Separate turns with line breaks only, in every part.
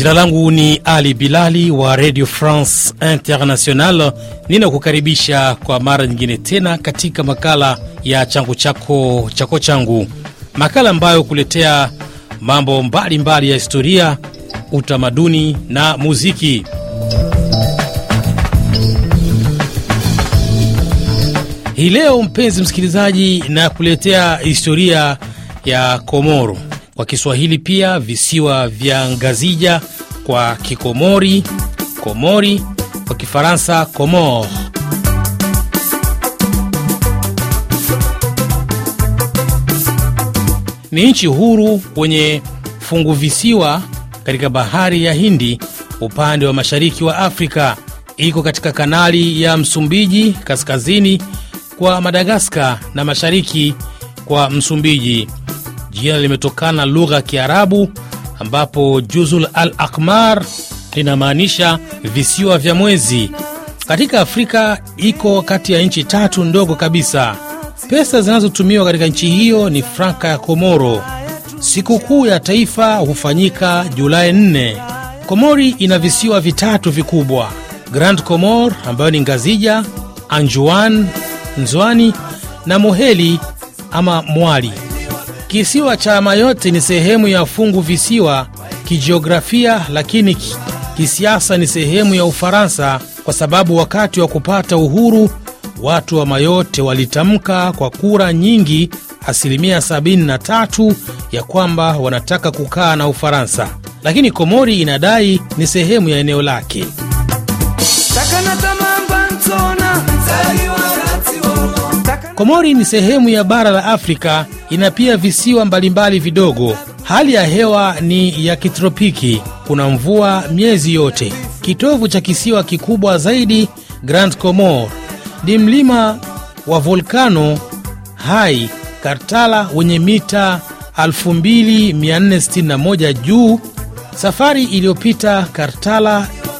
Jina langu ni Ali Bilali wa Radio France International. Ninakukaribisha kwa mara nyingine tena katika makala ya changu chako chako changu, makala ambayo kuletea mambo mbalimbali mbali ya historia, utamaduni na muziki. Hii leo mpenzi msikilizaji, na kuletea historia ya Komoro kwa Kiswahili pia visiwa vya Ngazija kwa Kikomori, Komori kwa Kifaransa Komor. Ni nchi huru kwenye fungu visiwa katika bahari ya Hindi upande wa mashariki wa Afrika. Iko katika kanali ya Msumbiji kaskazini kwa madagaskar na mashariki kwa Msumbiji. Jina limetokana lugha ya Kiarabu ambapo Juzul al Akmar linamaanisha visiwa vya mwezi. Katika Afrika iko kati ya nchi tatu ndogo kabisa. Pesa zinazotumiwa katika nchi hiyo ni franka ya Komoro. Sikukuu ya taifa hufanyika Julai 4. Komori ina visiwa vitatu vikubwa: Grand Comore ambayo ni Ngazija, Anjuan, Nzwani na Moheli ama Mwali. Kisiwa cha Mayotte ni sehemu ya fungu visiwa kijiografia, lakini kisiasa ni sehemu ya Ufaransa kwa sababu wakati wa kupata uhuru watu wa Mayotte walitamka kwa kura nyingi, asilimia 73, ya kwamba wanataka kukaa na Ufaransa, lakini Komori inadai ni sehemu ya eneo lake. Komori ni sehemu ya bara la Afrika, ina pia visiwa mbalimbali vidogo. Hali ya hewa ni ya kitropiki, kuna mvua miezi yote. Kitovu cha kisiwa kikubwa zaidi Grand Comore ni mlima wa volkano hai Kartala wenye mita 2461 juu. Safari iliyopita Kartala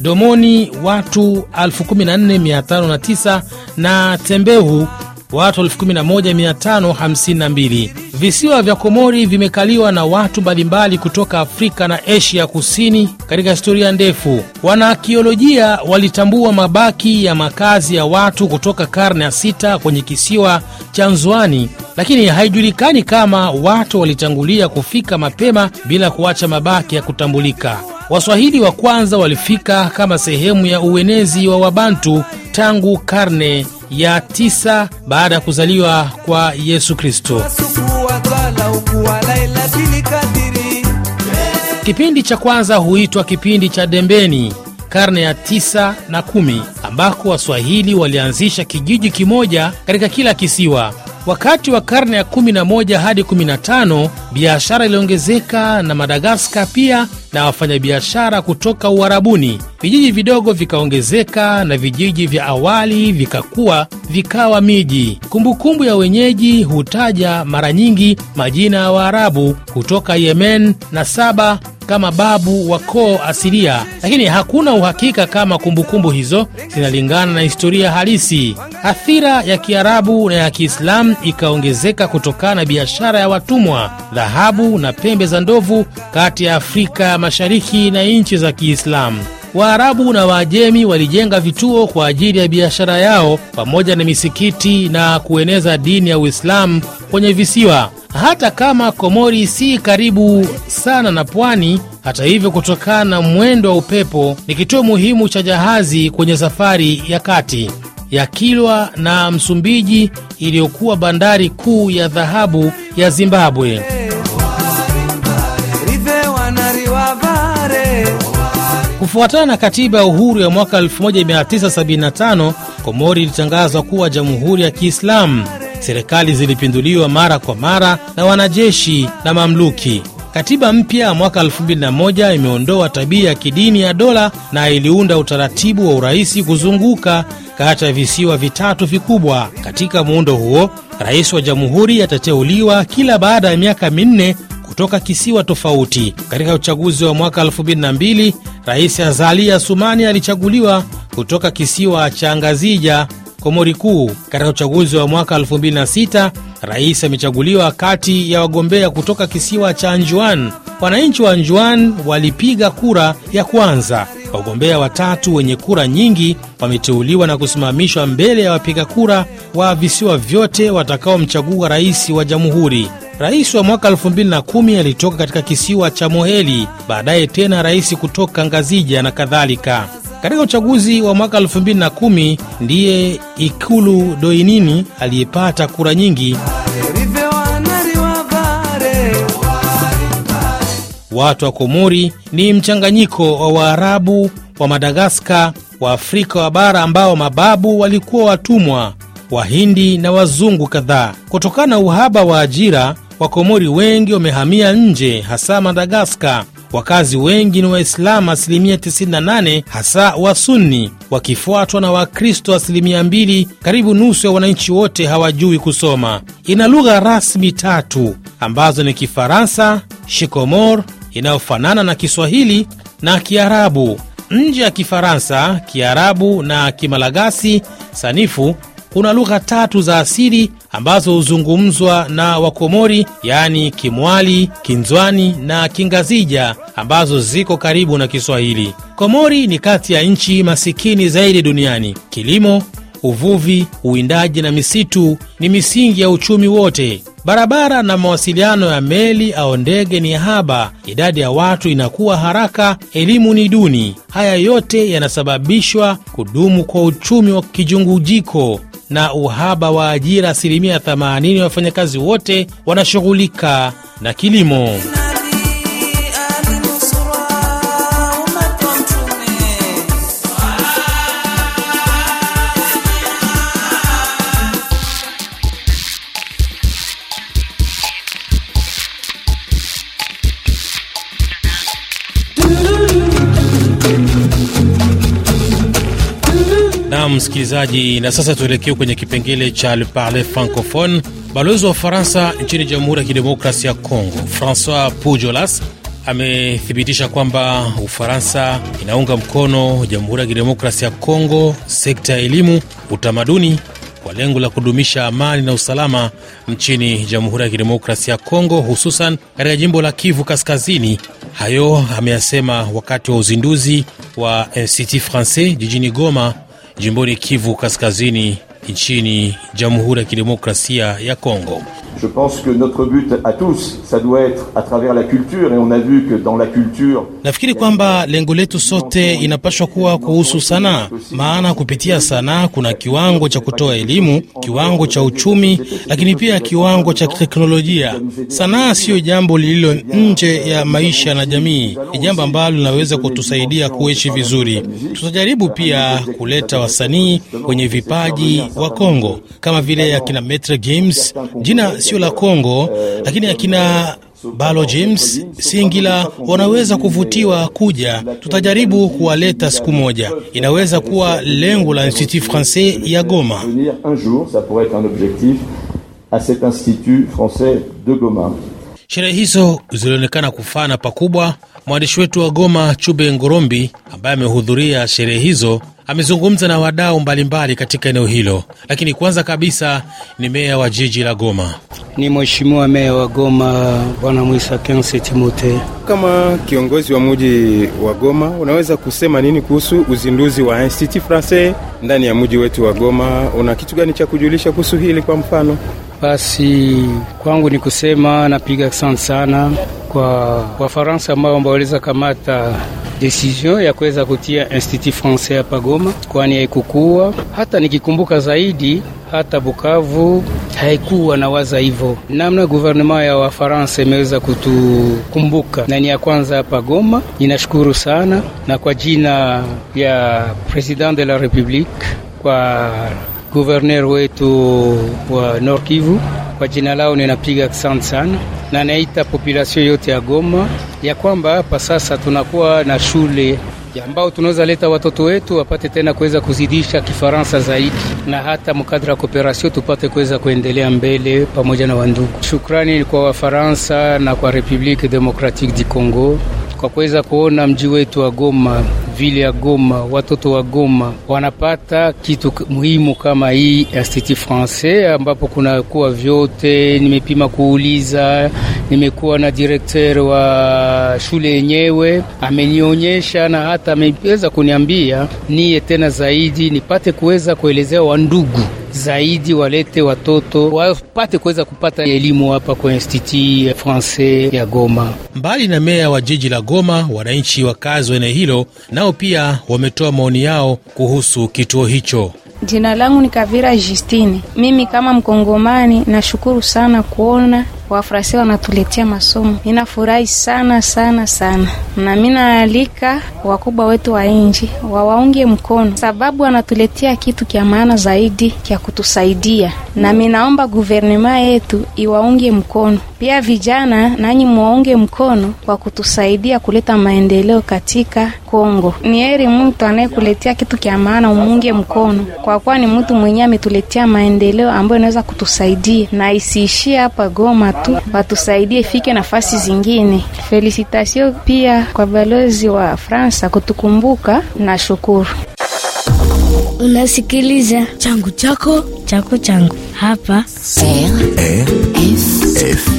Domoni watu 14509 na Tembehu watu 11552. Visiwa vya Komori vimekaliwa na watu mbalimbali kutoka Afrika na Asia Kusini katika historia ndefu. Wanaakiolojia walitambua mabaki ya makazi ya watu kutoka karne ya sita kwenye kisiwa cha Nzwani, lakini haijulikani kama watu walitangulia kufika mapema bila kuacha mabaki ya kutambulika. Waswahili wa kwanza walifika kama sehemu ya uenezi wa Wabantu tangu karne ya tisa baada ya kuzaliwa kwa Yesu Kristo. Kipindi cha kwanza huitwa kipindi cha Dembeni, karne ya tisa na kumi, ambako Waswahili walianzisha kijiji kimoja katika kila kisiwa Wakati wa karne ya 11 hadi 15 biashara iliongezeka na madagaskar pia na wafanyabiashara kutoka Uarabuni. Vijiji vidogo vikaongezeka na vijiji vya awali vikakuwa vikawa miji. Kumbukumbu ya wenyeji hutaja mara nyingi majina ya Waarabu kutoka Yemen na Saba kama babu wa koo asilia, lakini hakuna uhakika kama kumbukumbu hizo zinalingana na historia halisi. Athira ya Kiarabu na ya Kiislamu ikaongezeka kutokana na biashara ya watumwa, dhahabu na pembe za ndovu kati ya Afrika Mashariki na nchi za Kiislamu. Waarabu na Waajemi walijenga vituo kwa ajili ya biashara yao pamoja na misikiti na kueneza dini ya Uislamu kwenye visiwa. Hata kama Komori si karibu sana na pwani, hata hivyo, kutokana na mwendo wa upepo, ni kituo muhimu cha jahazi kwenye safari ya kati ya Kilwa na Msumbiji iliyokuwa bandari kuu ya dhahabu ya Zimbabwe. Kufuatana na katiba ya uhuru ya mwaka 1975, Komori ilitangazwa kuwa jamhuri ya Kiislamu. Serikali zilipinduliwa mara kwa mara na wanajeshi na mamluki. Katiba mpya ya mwaka 2001 imeondoa tabia ya kidini ya dola na iliunda utaratibu wa urais kuzunguka kati ya visiwa vitatu vikubwa. Katika muundo huo, rais wa jamhuri atateuliwa kila baada ya miaka minne kutoka kisiwa tofauti. Katika uchaguzi wa mwaka Rais Azali Asumani alichaguliwa kutoka kisiwa cha Ngazija, Komori Kuu. Katika uchaguzi wa mwaka 2006 rais amechaguliwa kati ya wagombea kutoka kisiwa cha Anjuan. Wananchi wa Anjuan walipiga kura ya kwanza. Wagombea watatu wenye kura nyingi wameteuliwa na kusimamishwa mbele ya wapiga kura wa visiwa vyote watakaomchagua rais wa jamhuri. Rais wa mwaka 2010 alitoka katika kisiwa cha Moheli, baadaye tena rais kutoka Ngazija na kadhalika. Katika uchaguzi wa mwaka 2010 ndiye Ikulu Doinini aliyepata kura nyingi. Watu wa Komori ni mchanganyiko wa Waarabu wa Madagaskar, Waafrika wa bara ambao mababu walikuwa watumwa, Wahindi na wazungu kadhaa. Kutokana na uhaba wa ajira, Wakomori wengi wamehamia nje, hasa Madagaskar. Wakazi wengi ni Waislamu asilimia 98, hasa Wasunni, wakifuatwa na Wakristo asilimia 2. Karibu nusu ya wananchi wote hawajui kusoma. Ina lugha rasmi tatu ambazo ni Kifaransa, Shikomor inayofanana na Kiswahili na Kiarabu. Nje ya Kifaransa, Kiarabu na Kimalagasi sanifu kuna lugha tatu za asili ambazo huzungumzwa na Wakomori, yaani Kimwali, Kinzwani na Kingazija ambazo ziko karibu na Kiswahili. Komori ni kati ya nchi masikini zaidi duniani. Kilimo, uvuvi, uwindaji na misitu ni misingi ya uchumi wote. Barabara na mawasiliano ya meli au ndege ni haba, idadi ya watu inakuwa haraka, elimu ni duni. Haya yote yanasababishwa kudumu kwa uchumi wa kijungujiko na uhaba wa ajira, asilimia 80 ya wafanyakazi wote wanashughulika na kilimo. msikilizaji, na sasa tuelekee kwenye kipengele cha Le Parle Francophone. Balozi wa Ufaransa nchini Jamhuri ya Kidemokrasi ya congo Francois Pujolas, amethibitisha kwamba Ufaransa inaunga mkono Jamhuri ya Kidemokrasi ya Kongo, sekta ya elimu, utamaduni kwa lengo la kudumisha amani na usalama nchini Jamhuri ya Kidemokrasia ya Kongo, hususan katika jimbo la Kivu Kaskazini. Hayo ameyasema wakati wa uzinduzi wa Institut Francais jijini Goma, jimboni Kivu Kaskazini nchini Jamhuri ya Kidemokrasia ya Kongo. Je pense que notre but à tous, ça doit être à travers la culture et on a vu que dans la culture. Nafikiri kwamba lengo letu sote inapaswa kuwa kuhusu sanaa, maana kupitia sanaa kuna kiwango cha kutoa elimu, kiwango cha uchumi, lakini pia kiwango cha teknolojia. Sanaa siyo jambo lililo nje ya maisha na jamii, ni jambo ambalo linaweza kutusaidia kuishi vizuri. Tutajaribu pia kuleta wasanii wenye vipaji wa Kongo kama vile akina Metre Games, jina sio la Kongo, lakini akina Balo James Singila wanaweza kuvutiwa kuja. Tutajaribu kuwaleta siku moja, inaweza kuwa lengo la Institut Francais ya Goma. Sherehe hizo zilionekana kufana pakubwa. Mwandishi wetu wa Goma Chube Ngorombi ambaye amehudhuria sherehe hizo amezungumza na wadau mbalimbali katika eneo hilo, lakini kwanza kabisa ni meya wa jiji la Goma.
Ni mheshimiwa meya wa Goma Bwana Mwisa kense Timote.
Kama kiongozi wa mji wa Goma, unaweza kusema nini kuhusu
uzinduzi wa Institut Francais ndani ya mji wetu wa Goma? Una kitu gani cha kujulisha kuhusu hili kwa mfano? Basi kwangu ni kusema napiga asante sana kwa Wafaransa ambao waliweza kamata desisio ya kuweza kutia Institut Francais hapa Goma, kwani haikukuwa hata nikikumbuka zaidi hata Bukavu haikuwa na waza hivyo. Namna guvernema ya Wafaransa imeweza kutukumbuka na ni ya kwanza hapa Goma. Ninashukuru sana, na kwa jina ya President de la Republique, kwa guverner wetu wa Nord Kivu, kwa jina lao ninapiga asante sana na naita population yote ya Goma ya kwamba hapa sasa tunakuwa na shule ambao tunaweza leta watoto wetu wapate tena kuweza kuzidisha Kifaransa zaidi na hata mkadra ya kooperasio tupate kuweza kuendelea mbele pamoja na wandugu. Shukrani kwa Wafaransa na kwa Republique Democratique du Congo kwa kuweza kuona mji wetu wa Goma vile ya Goma, watoto wa Goma wanapata kitu muhimu kama hii Institut Francais, ambapo kunakuwa vyote. Nimepima kuuliza, nimekuwa na direkter wa shule yenyewe, amenionyesha na hata ameweza kuniambia niye tena zaidi nipate kuweza kuelezea wandugu zaidi walete watoto wapate kuweza kupata elimu hapa kwa Institut Francais ya Goma.
Mbali na meya wa jiji la Goma, wananchi wakazi wa eneo hilo nao pia wametoa maoni yao kuhusu kituo hicho.
Jina langu ni Kavira Justine. Mimi kama Mkongomani nashukuru sana kuona wafranse wanatuletea masomo. Ninafurahi sana sana sana, na minaalika wakubwa wetu wa nji wawaunge mkono, sababu wanatuletea kitu kya maana zaidi kya kutusaidia, na minaomba guvernema yetu iwaunge mkono. Pia vijana, nanyi mwaunge mkono kwa kutusaidia kuleta maendeleo katika Kongo. Ni heri mtu anayekuletea kitu kya maana umuunge mkono, kwa kuwa ni mtu mwenyewe ametuletea maendeleo ambayo inaweza kutusaidia na isiishie hapa Goma tu, watusaidie ifike nafasi zingine. Felicitation pia kwa balozi wa Fransa kutukumbuka na shukuru.
Unasikiliza changu chako chako changu hapa RFI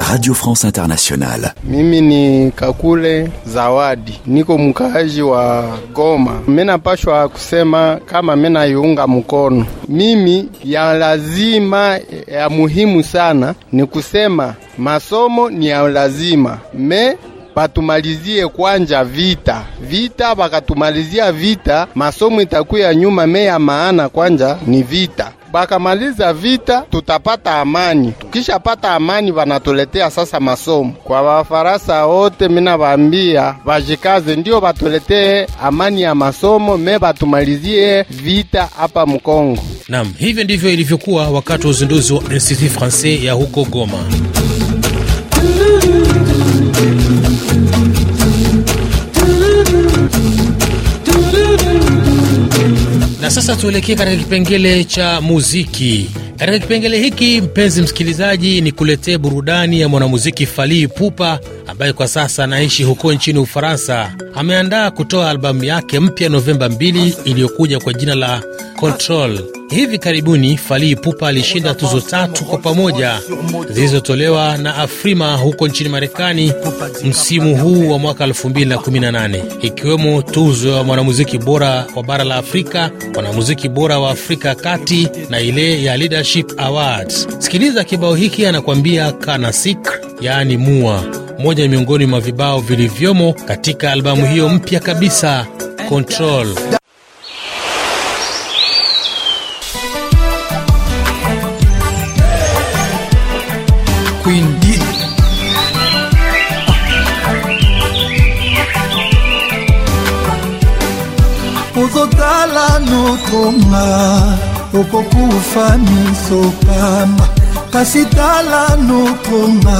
Radio France Internationale.
Mimi ni Kakule Zawadi, niko mkaaji wa Goma. Menapashwa kusema kama menaiunga mkono mimi, ya lazima ya muhimu sana ni kusema masomo ni ya lazima me batumalizie kwanja vita vita, bakatumalizia vita, masomo itakuya nyuma. Me ya maana kwanja ni vita bakamaliza vita, tutapata amani. Tukishapata amani, wanatuletea sasa masomo kwa Wafaransa wote. Mina waambia bajikaze, ndio batuletee amani ya masomo, me batumalizie vita hapa Mkongo.
Nam, hivyo ndivyo ilivyokuwa wakati wa uzinduzi wa Institut Francais ya huko Goma. Na sasa tuelekee katika kipengele cha muziki. Katika kipengele hiki mpenzi msikilizaji, ni kuletee burudani ya mwanamuziki falii pupa ambaye kwa sasa anaishi huko nchini Ufaransa. Ameandaa kutoa albamu yake mpya Novemba 2 iliyokuja kwa jina la Control. Hivi karibuni falii pupa alishinda tuzo tatu kwa pamoja zilizotolewa na Afrima huko nchini Marekani msimu huu wa mwaka 2018 ikiwemo tuzo ya mwanamuziki bora wa bara la Afrika, mwanamuziki bora wa Afrika ya kati na ile ya Leadership Awards. Sikiliza kibao hiki anakuambia Kanasik, yaani mua, moja miongoni mwa vibao vilivyomo katika albamu hiyo mpya kabisa Control.
nano koma okokufa miso pamba kasi tala nokoma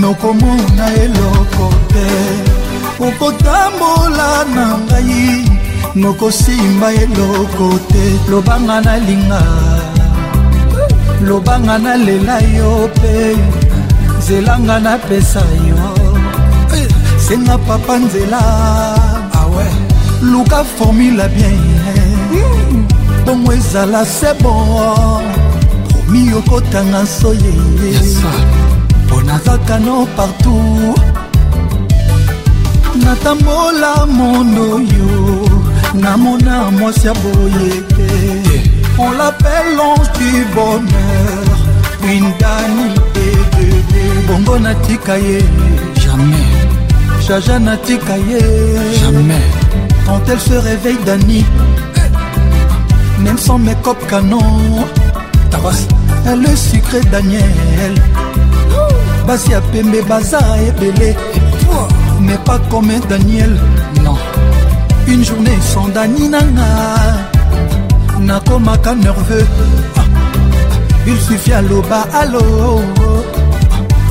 nokomona eloko te okotambola na ngai nokosimba eloko te lobanga nalinga lobanga nalela yo mpe nzelanga napesa yo senga papa nzela awe ah luka formula bien bongo ezala se bo promi okotanga soye mpona kaka no partout natambola mondo yo namona mwasi ya boye te on l'appelle l'ange du bonheur une dani et de bongo natika ye jamais jaja natika ye jamais quand elle se réveille dani même sans mes copes canon tabas le sucré daniel basi ya pembe baza ebele mais pas comme daniel non une journée sans dani nanga nakomaka nerveux ah, ah, il suffit aloba alo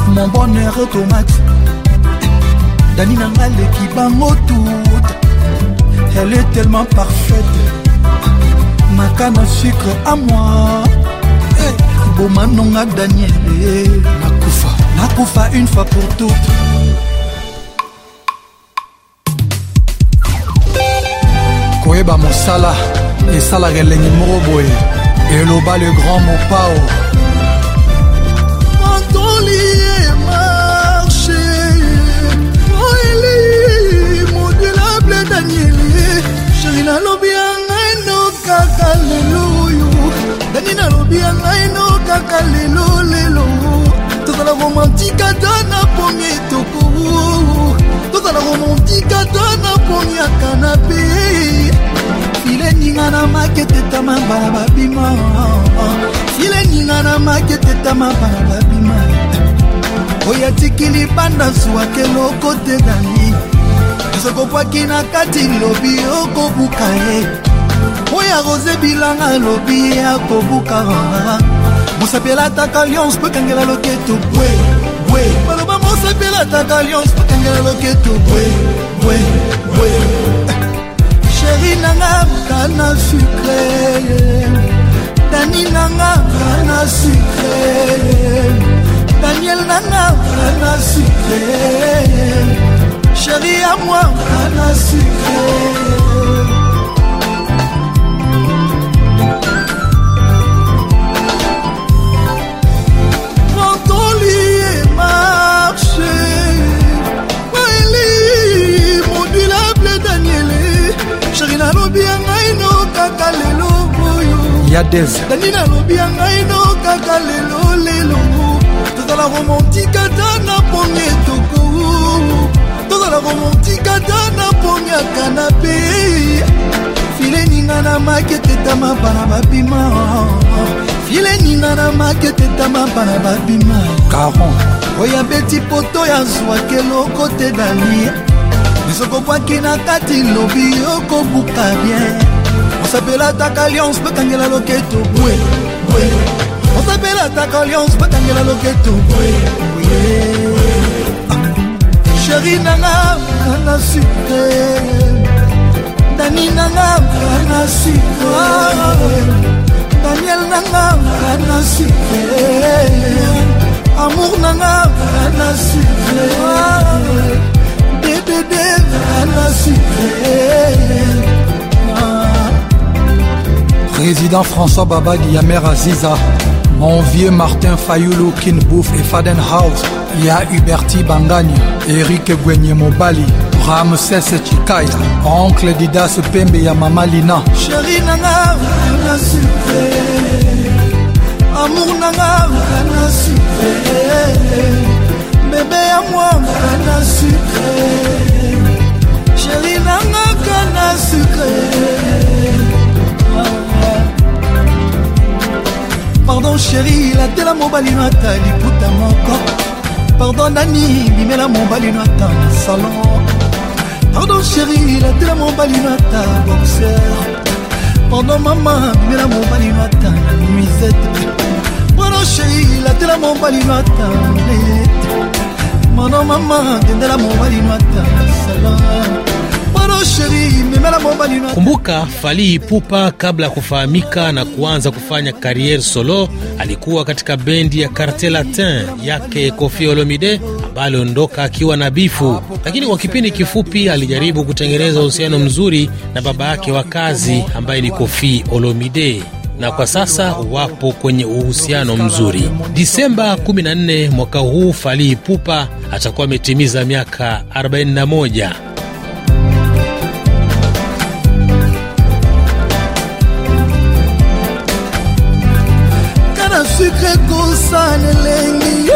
mon bonheur automate dani nanga leki bango toute elle est tellement parfaite bomaka na sucre amoi eh, boma nonga daniele nakufa nakufa une fois pour toute koyeba mosala esalaka elengi moko boye eloba le grand mopao ya ngai no kaka lelo lelo tozala romantika ta na pomi etoko tozala romantika ta na pomi ya kanape file ninga na maketetama bala babima file ninga na maketetama bala babima oya tikili banda zwwake lokote dani ezokopwaki na kati lobi okobuka ye ya rose bilanga alobi akobuka mosapela ataka lyonce kokangela loketo bwe bwe baloba mosapela ataka lyonce kokangela loketo bwe bwe bwe sheri nanga kana sucre dani nanga kana sucre daniel nanga kana sucre sheri ya mwa kana sucre
gadez nani
nalobi ya ngai no kaka lelo lelongo tozala romantika ata na pongi etoko tozala romantika ata na pongi ya kanape fileninga na maketetama bana babima fileninga na maketetama bana babima caron oyo abeti poto ya zwaki eloko te dani misokobwaki na kati lobi okobuka bien osapelataka alliance bakangela loketo bwe bwe osapelataka alliance bakangela loketo bwe bwe sheri nanga kanga sukre dani nanga kanga sukre daniel nanga kanga sukre amour nanga kanga sukre dedede kanga sukre Président François Baba Yamer Aziza, mon vieux Martin Fayoulou Kinbouf et Fadenhouse, Ya Huberti Bangagne, Eric Gwenye Mobali, Ramsès Chikaya, Oncle Didas Pembe ya Mama Lina. Chérie nanga, nana sucre. Amour nanga, nana sucre. Bébé à moi, nana sucre. Chérie nanga, nana sucre. pardon sheri latela mobali no ata liputa moko pardon nani bimela mobali no ata na salon pardon sheri latela mobali no ata boxer pardon mama bimela mobali no ata na nuisette pardon sheri latela mobali no ata net mano mama dendela mobali no ata na salon
Kumbuka, Fali Ipupa kabla ya kufahamika na kuanza kufanya kariere solo, alikuwa katika bendi ya karte Latin yake Koffi Olomide ambayo aliondoka akiwa na bifu, lakini kwa kipindi kifupi alijaribu kutengeneza uhusiano mzuri na baba yake wa kazi ambaye ni Koffi Olomide na kwa sasa wapo kwenye uhusiano mzuri. Disemba 14 mwaka huu Fally Ipupa atakuwa ametimiza miaka 41.
sukre kosana elengi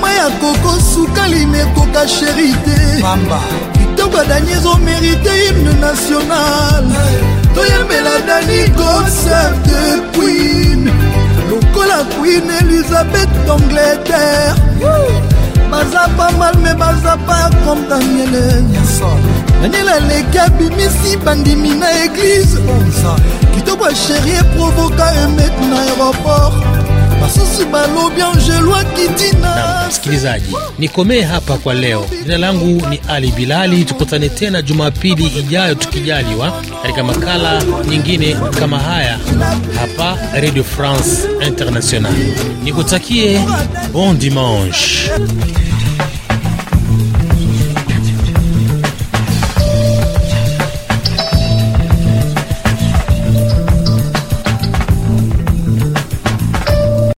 mai ya koko sukalimi ekoka sheri te kitoko ya dani ezomerite himne national toyembela dani concept queen lokola queen elizabeth d'angleterre baza pa mal me baza pa comme daniele naniela leki abimisi bandimi na eglize onza kitoko asheri eprovoka emete na aéroport basusi balobi angelwaki tina
msikilizaji nikomee hapa kwa leo jina langu ni ali bilali tukutane tena jumapili ijayo tukijaliwa katika makala nyingine kama haya hapa radio france international nikutakie bon dimanche